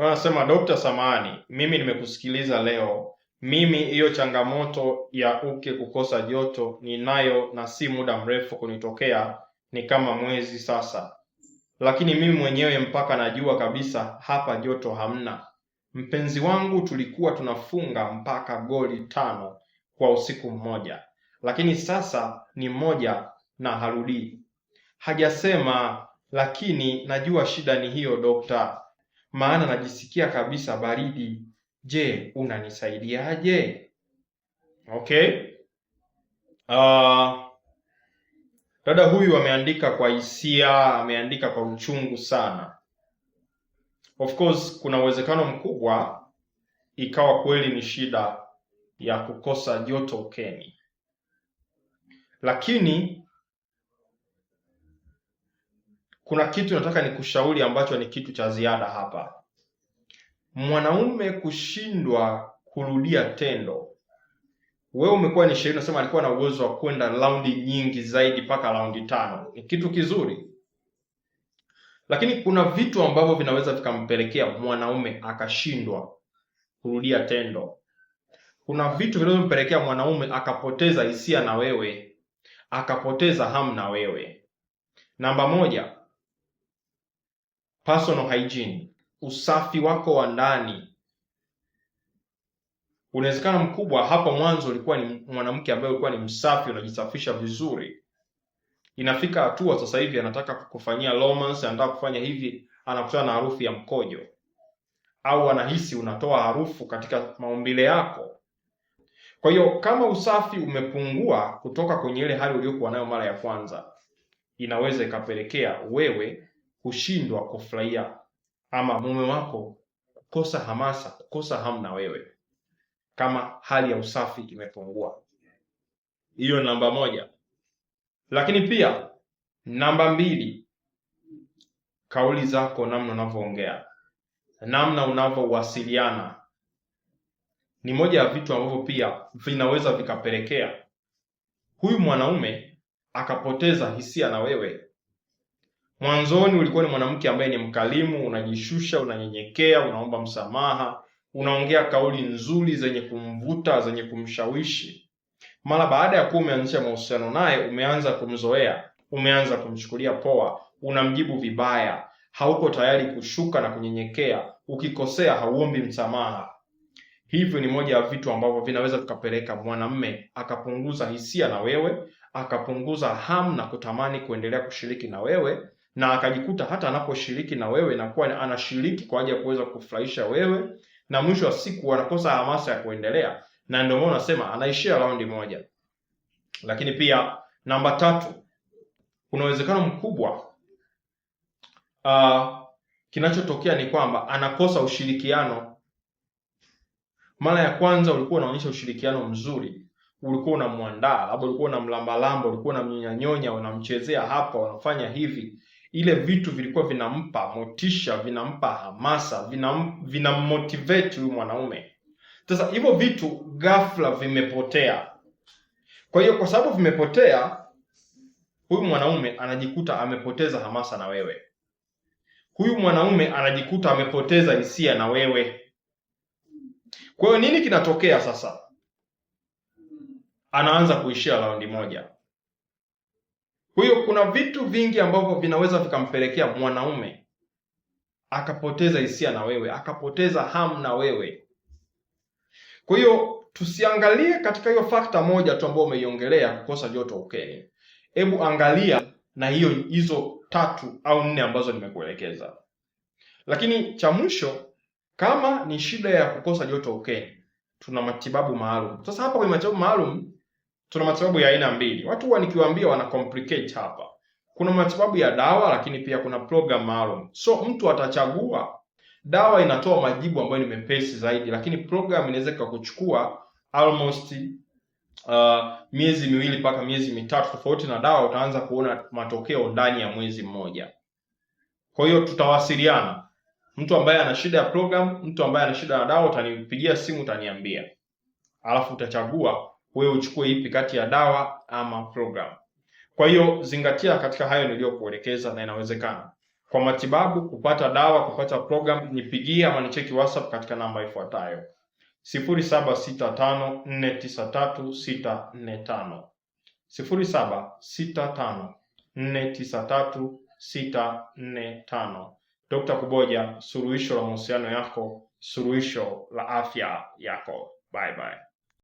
Wanasema Dokta samani, mimi nimekusikiliza leo. Mimi hiyo changamoto ya uke kukosa joto ninayo, na si muda mrefu kunitokea, ni kama mwezi sasa, lakini mimi mwenyewe mpaka najua kabisa hapa joto hamna. Mpenzi wangu tulikuwa tunafunga mpaka goli tano kwa usiku mmoja, lakini sasa ni moja na harudii. Hajasema, lakini najua shida ni hiyo daktari maana najisikia kabisa baridi. Je, unanisaidiaje? Okay. Uh, dada huyu ameandika kwa hisia, ameandika kwa uchungu sana. Of course kuna uwezekano mkubwa ikawa kweli ni shida ya kukosa joto ukeni, lakini kuna kitu nataka nikushauri ambacho ni kitu cha ziada hapa. Mwanaume kushindwa kurudia tendo, wewe umekuwa ni shahidi, unasema alikuwa na uwezo wa kwenda raundi nyingi zaidi mpaka raundi tano, ni kitu kizuri, lakini kuna vitu ambavyo vinaweza vikampelekea mwanaume akashindwa kurudia tendo. Kuna vitu vinavyompelekea mwanaume akapoteza hisia na wewe, akapoteza hamu na wewe. Namba moja, personal hygiene, usafi wako wa ndani. unawezekana mkubwa hapo mwanzo ulikuwa ni mwanamke ambaye ulikuwa ni msafi, unajisafisha vizuri, inafika hatua sasa hivi anataka kukufanyia romance, anataka kufanya hivi, anakutana na harufu ya mkojo au anahisi unatoa harufu katika maumbile yako. Kwa hiyo kama usafi umepungua kutoka kwenye ile hali uliyokuwa nayo mara ya kwanza, inaweza ikapelekea wewe kushindwa kufurahia ama mume wako kukosa hamasa, kukosa hamu na wewe, kama hali ya usafi imepungua. Hiyo namba moja. Lakini pia namba mbili, kauli zako, namna unavyoongea, namna unavyowasiliana ni moja ya vitu ambavyo pia vinaweza vikapelekea huyu mwanaume akapoteza hisia na wewe Mwanzoni ulikuwa ni mwanamke ambaye ni mkalimu unajishusha, unanyenyekea, unaomba msamaha, unaongea kauli nzuri zenye kumvuta, zenye kumshawishi. Mara baada ya kuwa umeanzisha mahusiano naye, umeanza kumzoea, umeanza kumchukulia poa, unamjibu vibaya, hauko tayari kushuka na kunyenyekea, ukikosea hauombi msamaha. Hivyo ni moja ya vitu ambavyo vinaweza vikapeleka mwanamme akapunguza hisia na wewe, akapunguza hamu na kutamani kuendelea kushiriki na wewe na akajikuta hata anaposhiriki na wewe inakuwa anashiriki kwa ajili ya kuweza kufurahisha wewe, na mwisho wa siku anakosa hamasa ya kuendelea, na ndio maana unasema anaishia raundi moja. Lakini pia namba tatu, kuna uwezekano mkubwa uh, kinachotokea ni kwamba anakosa ushirikiano. Mara ya kwanza ulikuwa unaonyesha ushirikiano mzuri ulikuwa unamwandaa labda, ulikuwa unamlambalamba, ulikuwa unamnyanyonya, unamchezea hapa, unafanya hivi, ile vitu vilikuwa vinampa motisha, vinampa hamasa, vinam, vina huyu mwanaume. Sasa hivyo vitu ghafla vimepotea. Kwa hiyo kwa sababu vimepotea, huyu mwanaume anajikuta amepoteza hamasa na wewe, huyu mwanaume anajikuta amepoteza hisia na wewe. Kwa hiyo nini kinatokea sasa? Anaanza kuishia raundi moja. Kwa hiyo kuna vitu vingi ambavyo vinaweza vikampelekea mwanaume akapoteza hisia na wewe, akapoteza hamu na wewe. Kwa hiyo tusiangalie katika hiyo fakta moja tu ambayo umeiongelea, kukosa joto ukeni. Okay. Hebu angalia na hiyo hizo tatu au nne ambazo nimekuelekeza. Lakini cha mwisho, kama ni shida ya kukosa joto ukeni, okay. Tuna matibabu maalum. Sasa hapa kwenye matibabu maalum tuna matibabu ya aina mbili. Watu huwa nikiwaambia wana complicate hapa. Kuna matibabu ya dawa, lakini pia kuna program maalum. So mtu atachagua dawa, inatoa majibu ambayo ni mepesi zaidi, lakini program inaweza ikakuchukua almost uh, miezi miwili mpaka miezi mitatu, tofauti na dawa, utaanza kuona matokeo ndani ya mwezi mmoja. Kwa hiyo tutawasiliana, mtu ambaye ana shida ya program, mtu ambaye ana shida ya dawa, utanipigia simu, utaniambia, alafu utachagua wewe uchukue ipi kati ya dawa ama program. Kwa hiyo zingatia katika hayo niliyokuelekeza, na inawezekana kwa matibabu kupata dawa, kupata program, Nipigie ama nicheki WhatsApp katika namba ifuatayo 0765493645 0765493645. Dr. Kuboja, suluhisho la mahusiano yako, suluhisho la afya yako. Bye bye.